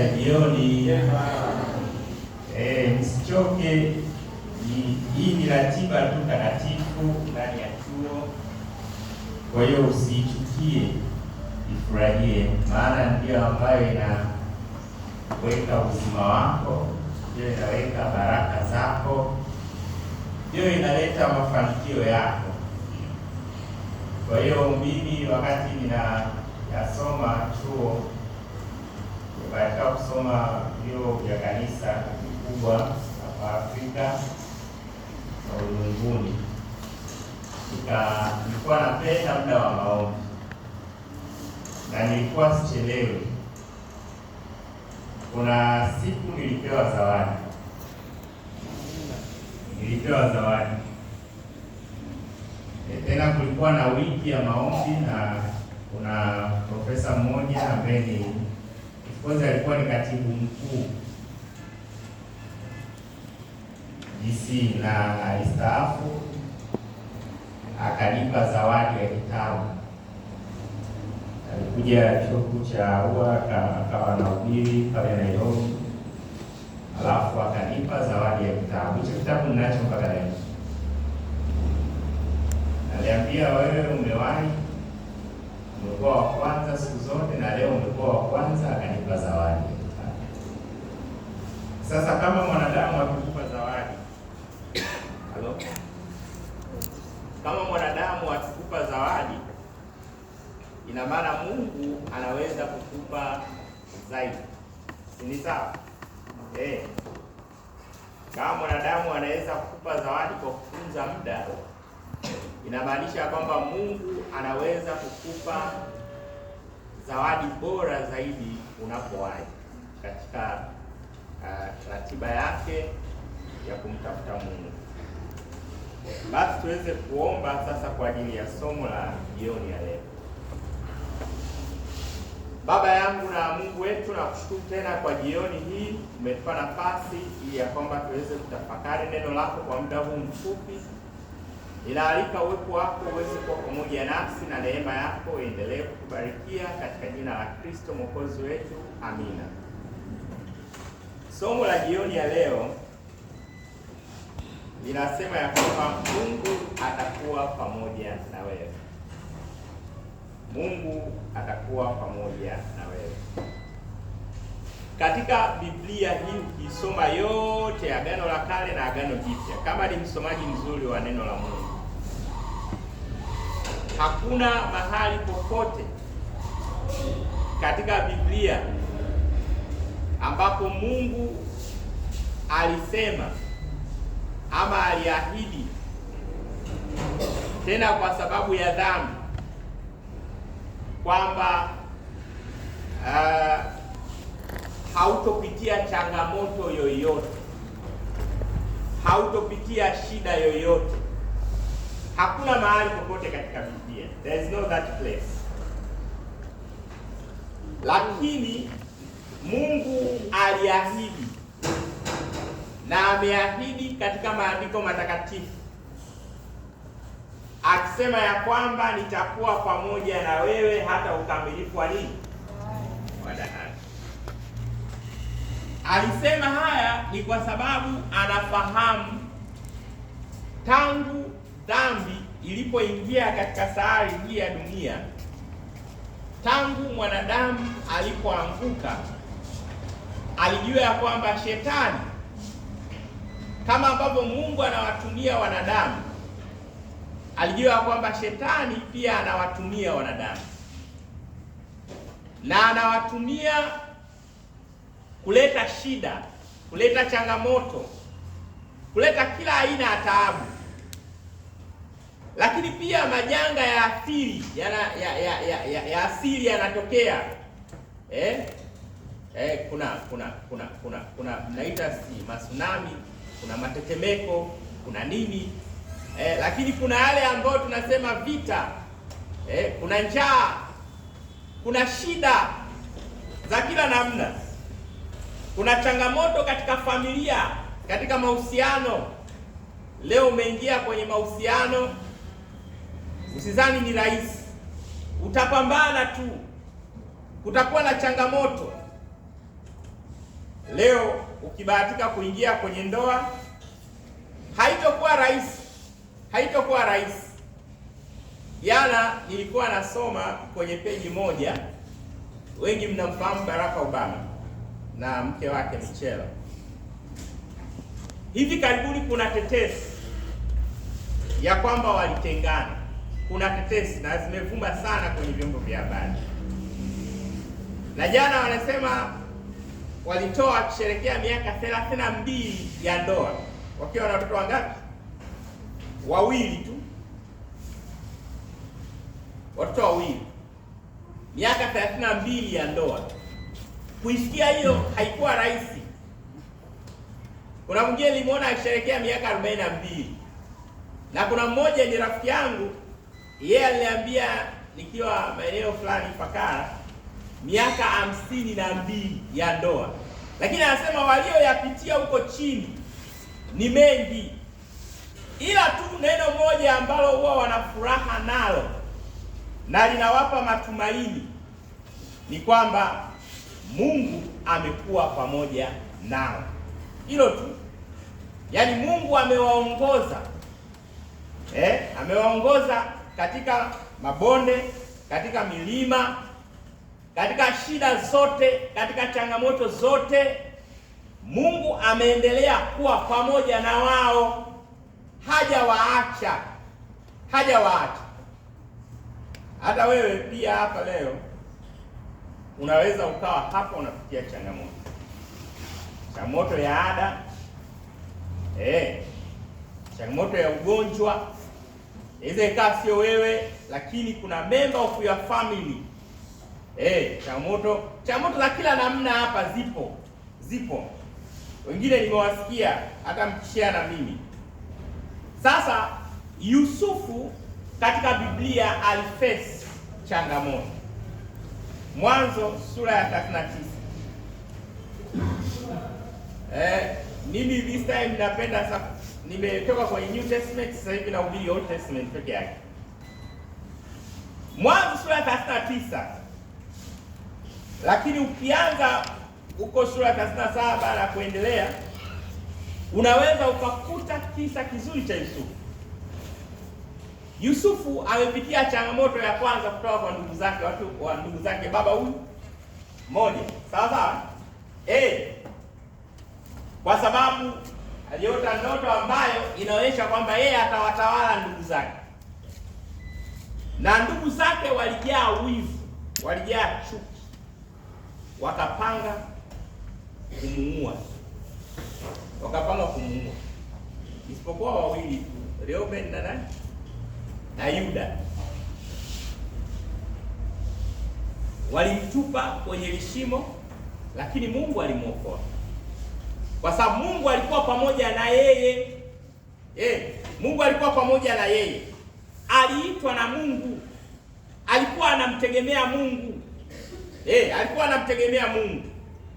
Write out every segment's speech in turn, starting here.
za jioni eh, msichoke. Hii ni ratiba tu takatifu ndani ya chuo, kwa hiyo usiichukie, ifurahie, maana ndiyo ambayo inaweka uzima wako, ndiyo inaweka baraka zako, ndiyo inaleta mafanikio yako. Kwa hiyo mimi wakati ninayasoma chuo Nimebarikiwa kusoma vyuo vya kanisa kubwa hapa Afrika na ulimwenguni. Nilikuwa napenda muda wa maombi na nilikuwa sichelewe Kuna siku nilipewa zawadi, nilipewa zawadi e, tena kulikuwa na wiki ya maombi na kuna profesa mmoja ambaye ni kwanza alikuwa ni katibu mkuu DC na alistaafu, akanipa zawadi ya kitabu. Alikuja chuo kikuu cha Arua akawa na ubiri pale Nairobi, alafu akanipa zawadi ya kitabu. Hicho kitabu ninacho mpaka leo. Aliambia, wewe umewahi umekuwa wa kwanza siku zote, na leo umekuwa wa kwanza, akanipa zawadi. Sasa kama mwanadamu akikupa zawadi Hello? kama mwanadamu akikupa zawadi, ina maana Mungu anaweza kukupa zaidi, si ni sawa? Eh, kama mwanadamu anaweza kukupa zawadi kwa kutunza muda inamaanisha kwamba Mungu anaweza kukupa zawadi bora zaidi unapowahi katika uh, ratiba yake ya kumtafuta Mungu. Basi tuweze kuomba sasa kwa ajili ya somo la jioni ya leo. Baba yangu na Mungu wetu, nakushukuru tena kwa jioni hii umetupa nafasi ili ya kwamba tuweze kutafakari neno lako kwa muda huu mfupi Ninaalika uwepo wako uweze kuwa pamoja nasi na neema yako iendelee kukubarikia katika jina la Kristo Mwokozi wetu. Amina. Somo la jioni ya leo linasema ya kwamba Mungu atakuwa pamoja na wewe. Mungu atakuwa pamoja na wewe. Katika Biblia hii ukisoma yote Agano la Kale na Agano Jipya, kama ni msomaji mzuri wa neno la Mungu Hakuna mahali popote katika Biblia ambapo Mungu alisema ama aliahidi tena kwa sababu ya dhambi kwamba uh, hautopitia changamoto yoyote, hautopitia shida yoyote. Hakuna mahali popote katika Biblia, there is no that place. Lakini Mungu aliahidi na ameahidi katika maandiko matakatifu akisema ya kwamba nitakuwa pamoja na wewe hata ukamilifu wa nini, Alisema haya ni kwa sababu anafahamu tangu dhambi ilipoingia katika sahari hii ya dunia, tangu mwanadamu alipoanguka, alijua ya kwamba shetani, kama ambavyo Mungu anawatumia wanadamu, alijua ya kwamba shetani pia anawatumia wanadamu na anawatumia kuleta shida, kuleta changamoto, kuleta kila aina ya taabu lakini pia majanga ya asili ya, ya, ya, ya, ya, ya asili yanatokea eh? Eh, kuna kuna kuna kuna kuna mnaita si masunami, kuna matetemeko, kuna nini eh, lakini kuna yale ambayo tunasema vita eh, kuna njaa, kuna shida za kila namna, kuna changamoto katika familia, katika mahusiano. Leo umeingia kwenye mahusiano Usizani ni rahisi, utapambana tu, kutakuwa na changamoto. Leo ukibahatika kuingia kwenye ndoa, haitokuwa rahisi, haitokuwa rahisi. Jana nilikuwa nasoma kwenye peji moja, wengi mnamfahamu Barack Obama na mke wake Michelle. Hivi karibuni kuna tetesi ya kwamba walitengana kuna tetesi na zimevuma sana kwenye vyombo vya habari, na jana wanasema walitoa kusherekea miaka thelathini na mbili ya ndoa wakiwa na watoto wangapi? Wawili tu, watoto wawili, miaka thelathini na mbili ya ndoa. Kuisikia hiyo haikuwa rahisi. Kuna mwingine nilimuona akisherekea miaka arobaini na mbili na kuna mmoja ni rafiki yangu yeye aliniambia nikiwa maeneo fulani Fakara, miaka hamsini na mbili ya ndoa, lakini anasema walioyapitia huko chini ni mengi, ila tu neno moja ambalo huwa wanafuraha nalo na linawapa matumaini ni kwamba Mungu amekuwa pamoja nao. Hilo tu, yaani Mungu amewaongoza eh, amewaongoza katika mabonde, katika milima, katika shida zote, katika changamoto zote, Mungu ameendelea kuwa pamoja na wao, hajawaacha, hajawaacha. Hata wewe pia hapa leo unaweza ukawa hapa unapitia changamoto, changamoto ya ada eh, changamoto ya ugonjwa Inaweza ikawa sio wewe, lakini kuna member of your family. Eh, changamoto changamoto za kila namna hapa zipo, zipo wengine nimewasikia hata mkishia na mimi. Sasa Yusufu katika Biblia alifesi changamoto. Mwanzo sura ya 39. Eh, mimi this time napenda sa nimetoka kwenye New Testament, sasa hivi nahubiri Old Testament peke yake. Mwanzo sura ya 39, lakini ukianza huko sura ya 37 na kuendelea unaweza ukakuta kisa kizuri cha Yusufu. Yusufu amepitia changamoto ya kwanza kutoka kwa ndugu zake, watu wa ndugu zake baba huyu moja, sawa sawa eh, kwa sababu aliota ndoto ambayo inaonyesha kwamba yeye atawatawala ndugu zake, na ndugu zake walijaa wivu, walijaa chuki, wakapanga kumuua, wakapanga kumuua, isipokuwa wawili tu, Reubeni na nani na Yuda. Walimtupa kwenye lishimo, lakini Mungu alimwokoa kwa sababu Mungu alikuwa pamoja na yeye eh, Mungu alikuwa pamoja na yeye, aliitwa na Mungu, alikuwa anamtegemea Mungu eh, alikuwa anamtegemea Mungu.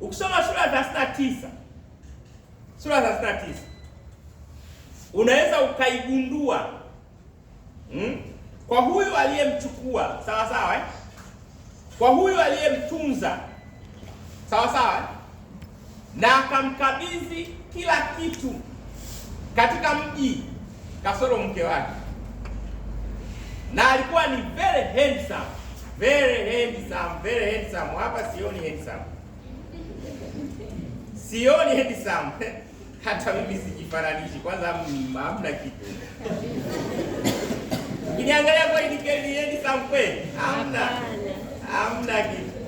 Ukisoma sura ya 39 sura ya 39 unaweza ukaigundua hmm? kwa huyu aliyemchukua sawa sawa eh? kwa huyu aliyemtunza sawa sawa eh? na akamkabidhi kila kitu katika mji kasoro mke wake, na alikuwa ni very handsome, very handsome, very handsome. Hapa sioni handsome, sioni handsome hata mimi sijifananishi, kwanza hamna kitu kiniangalia kwa kweli handsome kweli, hamna hamna kitu,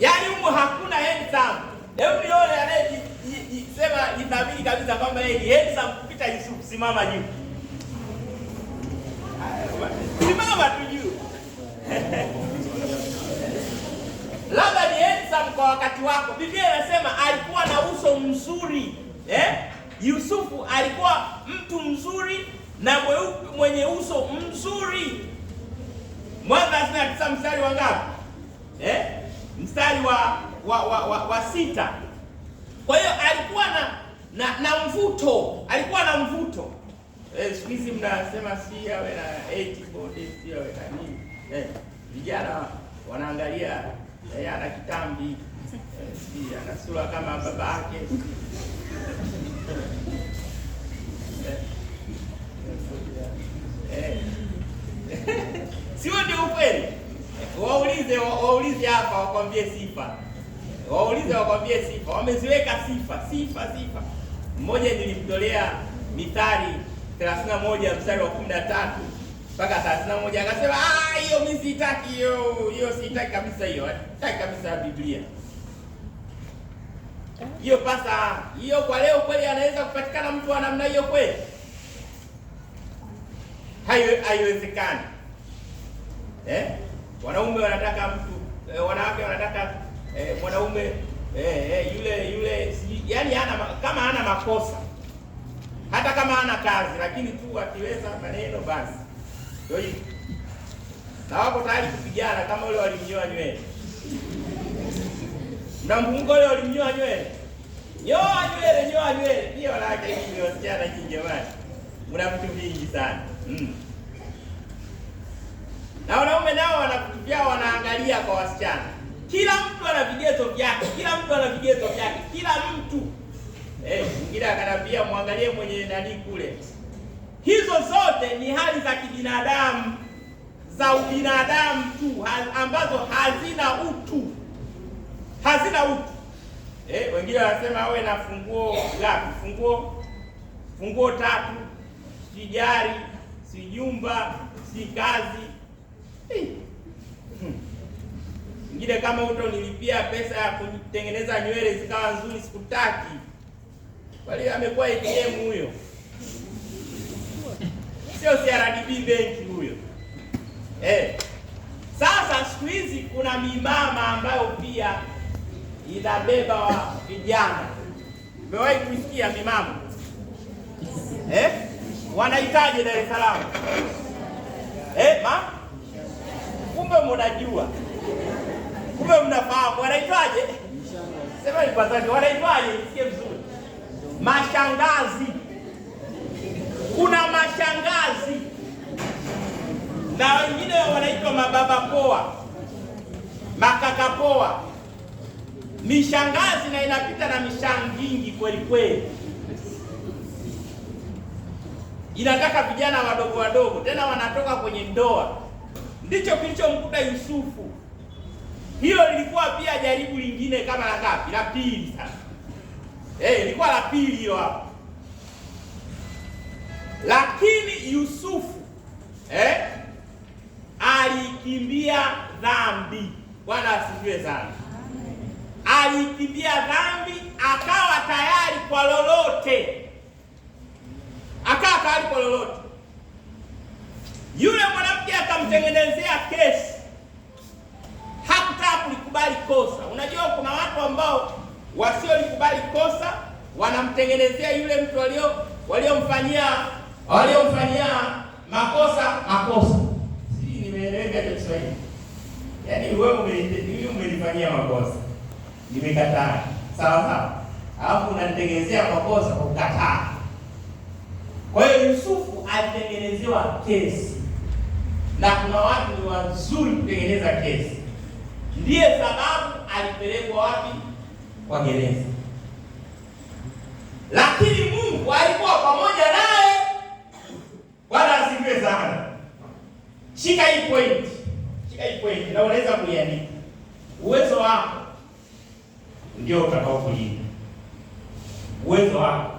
yani, humo hakuna handsome Hebu nione anayejisema ninaamini kabisa kwamba yeye ni Elsa kupita Yusufu. Simama juu, simama tu juu. Labda ni Elsa kwa wakati wako. Biblia inasema alikuwa na uso mzuri eh? Yusufu alikuwa mtu mzuri na mweupe mwenye uso mzuri. Mwanzo 29 mstari wa ngapi? Eh? mstari wa wa, wa, wa, wa sita. Kwa hiyo alikuwa na, na na mvuto, alikuwa na mvuto eh, siku hizi mnasema si awe na si awe na nini eh, vijana wanaangalia eh, ana kitambi eh, si ana sura kama baba yake eh, eh, eh, sio ndio ukweli? Waulize, waulize hapa wakwambie sifa waulize wakwambie sifa, wameziweka sifa sifa sifa. Mmoja nilimtolea Mithali 31 mstari wa 13 mpaka 31, akasema ah, hiyo mimi sitaki hiyo, hiyo sitaki kabisa, hiyo eh. sitaki kabisa Biblia hiyo. Pasa hiyo kwa leo kweli anaweza kupatikana mtu wa namna hiyo kweli? Haiwezekani eh? Wanaume wanataka mtu eh, wanawake wanataka eh, mwanaume eh, eh, yule yule, yani ana kama ana makosa, hata kama ana kazi, lakini tu akiweza maneno basi ndio hiyo, na wako tayari kupigana kama wale walimnyoa nywele na mungu wale walimnyoa nywele, nyoa nywele, nyoa nywele pia wanawake hivi, wasichana hivi, jamani, mna vitu vingi sana mm. Na wanaume nao wanakutupia, wanaangalia kwa wasichana kila mtu ana vigezo vyake, kila mtu ana vigezo vyake, kila mtu eh. Mwingine akanambia mwangalie mwenye nani kule. Hizo zote ni hali za kibinadamu za ubinadamu tu ha, ambazo hazina utu, hazina utu eh. Wengine wanasema awe na funguo ngapi? Funguo funguo tatu, si gari, si nyumba, si kazi eh. Mwingine kama utonilipia pesa ya kutengeneza nywele zikawa nzuri, sikutaki. Kwa hiyo amekuwa ATM huyo, sio CRDB benki huyo eh. Sasa siku hizi kuna mimama ambayo pia inabeba wa vijana. Umewahi kusikia mimama eh? Wanahitaji Dar es Salaam eh, ma kumbe mnajua Kumbe mnafahamu wanaitwaje? Sema ni sauti wanaitwaje? Sikie vizuri. Mashangazi. Kuna mashangazi na wengine wanaitwa mababa poa, makaka poa, mishangazi na inapita na mishangingi kweli kweli, inataka vijana wadogo wadogo, tena wanatoka kwenye ndoa. Ndicho kilichomkuta Yusufu hiyo lilikuwa pia jaribu lingine kama la ngapi? La pili sasa. Eh, ilikuwa la pili hiyo hapo. Lakini Yusufu eh, alikimbia dhambi. Bwana asifiwe sana. Alikimbia dhambi akawa tayari kwa lolote. Akawa tayari kwa lolote. Yule mwanamke akamtengenezea kesi kukubali kosa. Unajua kuna watu ambao wasiolikubali kosa wanamtengenezea yule mtu walio waliomfanyia waliomfanyia makosa makosa. Si nimeeleweka hiyo Kiswahili. Yaani wewe umenifanyia makosa. Nimekataa. Sawa sawa. Alafu unanitengenezea makosa kwa kukataa. Kwa hiyo Yusufu alitengenezewa kesi. Na kuna watu ni wazuri kutengeneza kesi ndiye sababu alipelekwa wapi? Kwa gereza. Lakini Mungu alikuwa pamoja naye. Bwana asifiwe sana. Shika hii point, shika hii point na unaweza kuiandika. Uwezo wako ndio utakaokulinda. Uwezo wako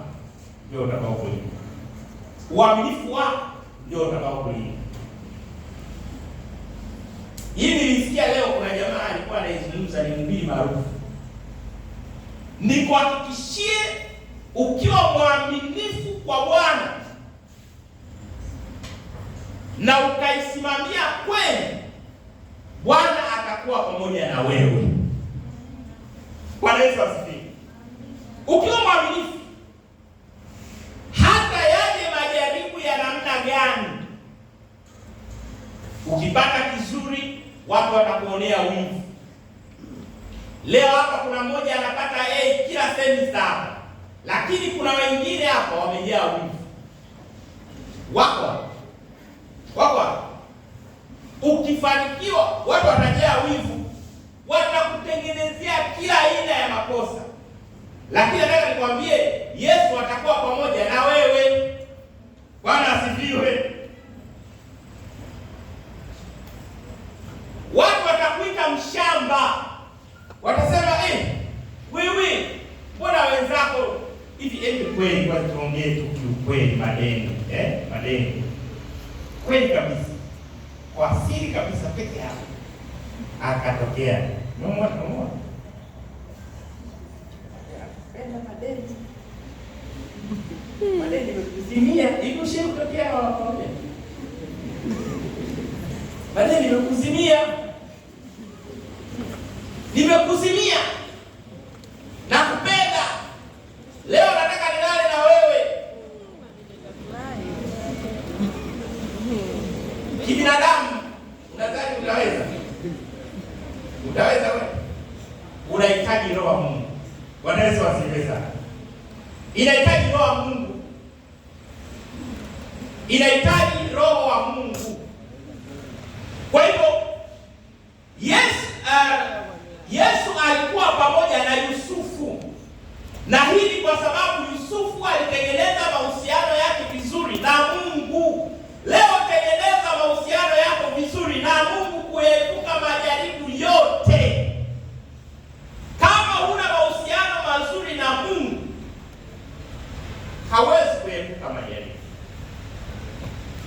ndio utakaokulinda. Uaminifu wako ndio utakaokulinda. Hii nilisikia leo, kuna jamaa alikuwa anaizungumza, ni mhubiri maarufu. Nikuhakikishie, ukiwa mwaminifu kwa Bwana na ukaisimamia kweli, Bwana atakuwa pamoja na wewe. Bwana Yesu asifiwe. Ukiwa mwaminifu hata yaje majaribu ya namna gani, ukipata watu watakuonea wivu. Leo hapa kuna mmoja anapata A kila semista hapa, lakini kuna wengine hapa wamejaa wivu. Wako wako, ukifanikiwa watu watajaa wivu, watakutengenezea kila aina ya makosa, lakini nataka nikwambie Yesu atakuwa pamoja na wewe. Bwana asifiwe. kweli, kwa tuongee tu kiukweli, madeni eh, madeni kweli kabisa, kwa siri kabisa, peke yake akatokea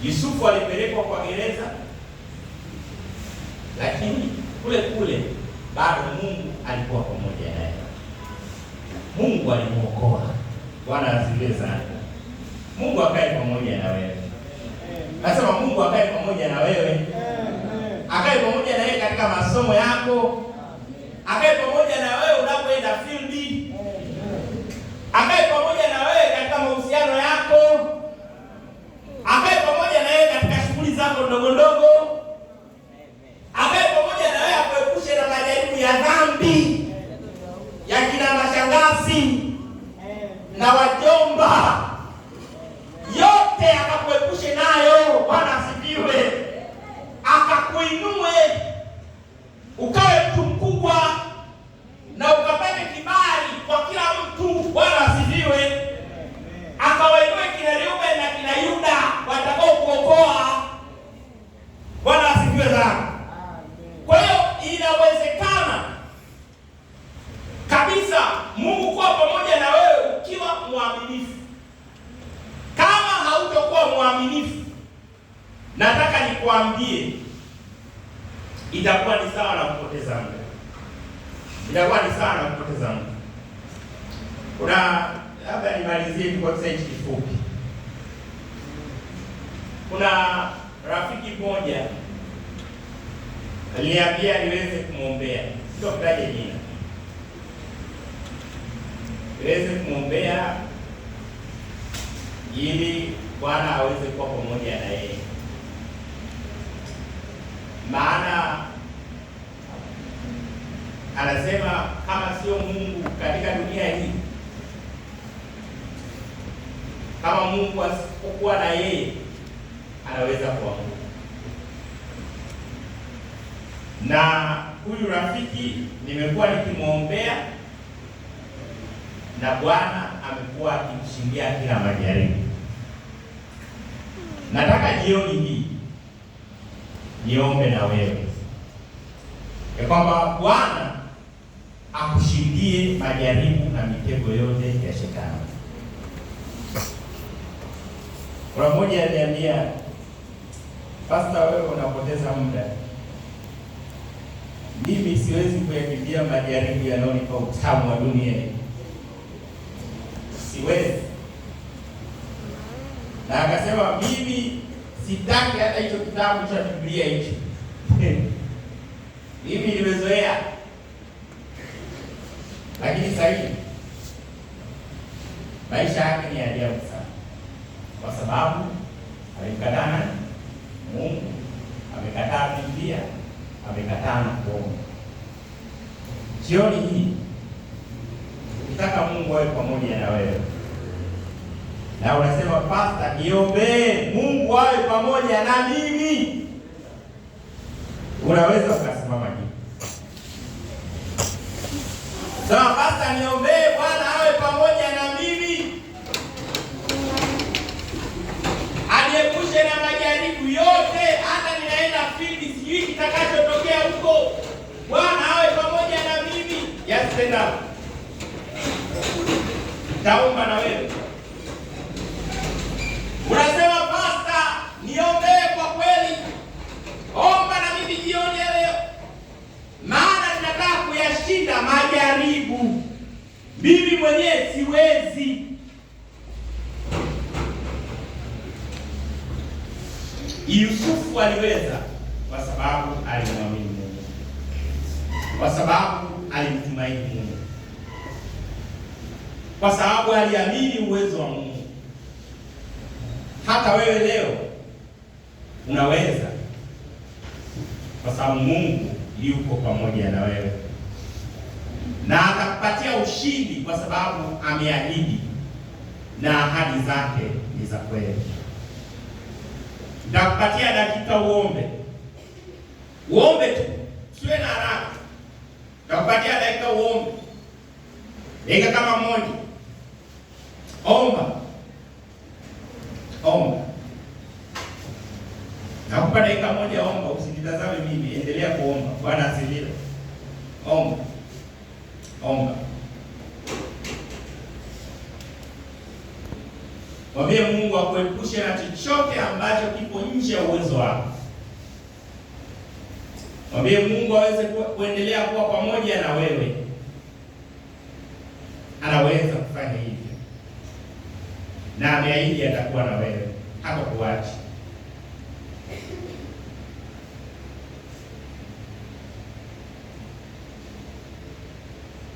Yusufu alipelekwa kwa gereza, lakini kule kule Nataka nikwambie itakuwa ni sawa na kupoteza muda, itakuwa ni sawa na kupoteza muda. Kuna labda nimalizie kwa sentensi kifupi. Kuna rafiki mmoja aliniambia niweze kumwombea, sitokutaje jina, niweze kumwombea ili Bwana aweze kuwa pamoja na yeye maana anasema kama sio Mungu katika dunia hii, kama Mungu asipokuwa na yeye anaweza kuamua. Na huyu rafiki nimekuwa nikimwombea na Bwana amekuwa akimshindia kila majaribu. Nataka jioni hii niombe na wewe ya kwamba Bwana akushindie majaribu na mitego yote ya shetani. Kuna mmoja aliniambia, Pasta, wewe unapoteza muda, mimi siwezi kuyakimbia majaribu yanayonipa utamu wa dunia siwezi. Na akasema mimi sitaki hata hicho kitabu cha Biblia hicho. Mimi nimezoea, lakini sasa maisha yake ni ajabu sana, kwa sababu alikadana Mungu, amekataa Biblia, amekataa na kuomba. Jioni hii ukitaka Mungu awe pamoja na wewe na unasema pasta, niombee Mungu awe pamoja na mimi, unaweza ukasimama juu sema, pasta, niombee Bwana awe pamoja na mimi, aliepushe na majaribu yote, hata ninaenda fili, sijui kitakachotokea huko, Bwana awe pamoja na mimi. Yes, tena taomba na wewe ameshinda majaribu. Mimi mwenyewe siwezi. Yusufu aliweza kwa sababu alimwamini Mungu, kwa sababu alimtumaini Mungu, kwa sababu aliamini uwezo wa Mungu. Hata wewe leo unaweza, kwa sababu Mungu yuko pamoja na wewe na atakupatia ushindi, kwa sababu ameahidi na ahadi zake ni za kweli. Nitakupatia dakika uombe, uombe tu, usiwe na haraka. Nitakupatia dakika uombe, dakika kama moja. Omba, omba, nakupa dakika moja. Omba, usinitazame mimi, endelea kuomba. Bwana kuendelea kuwa pamoja na wewe.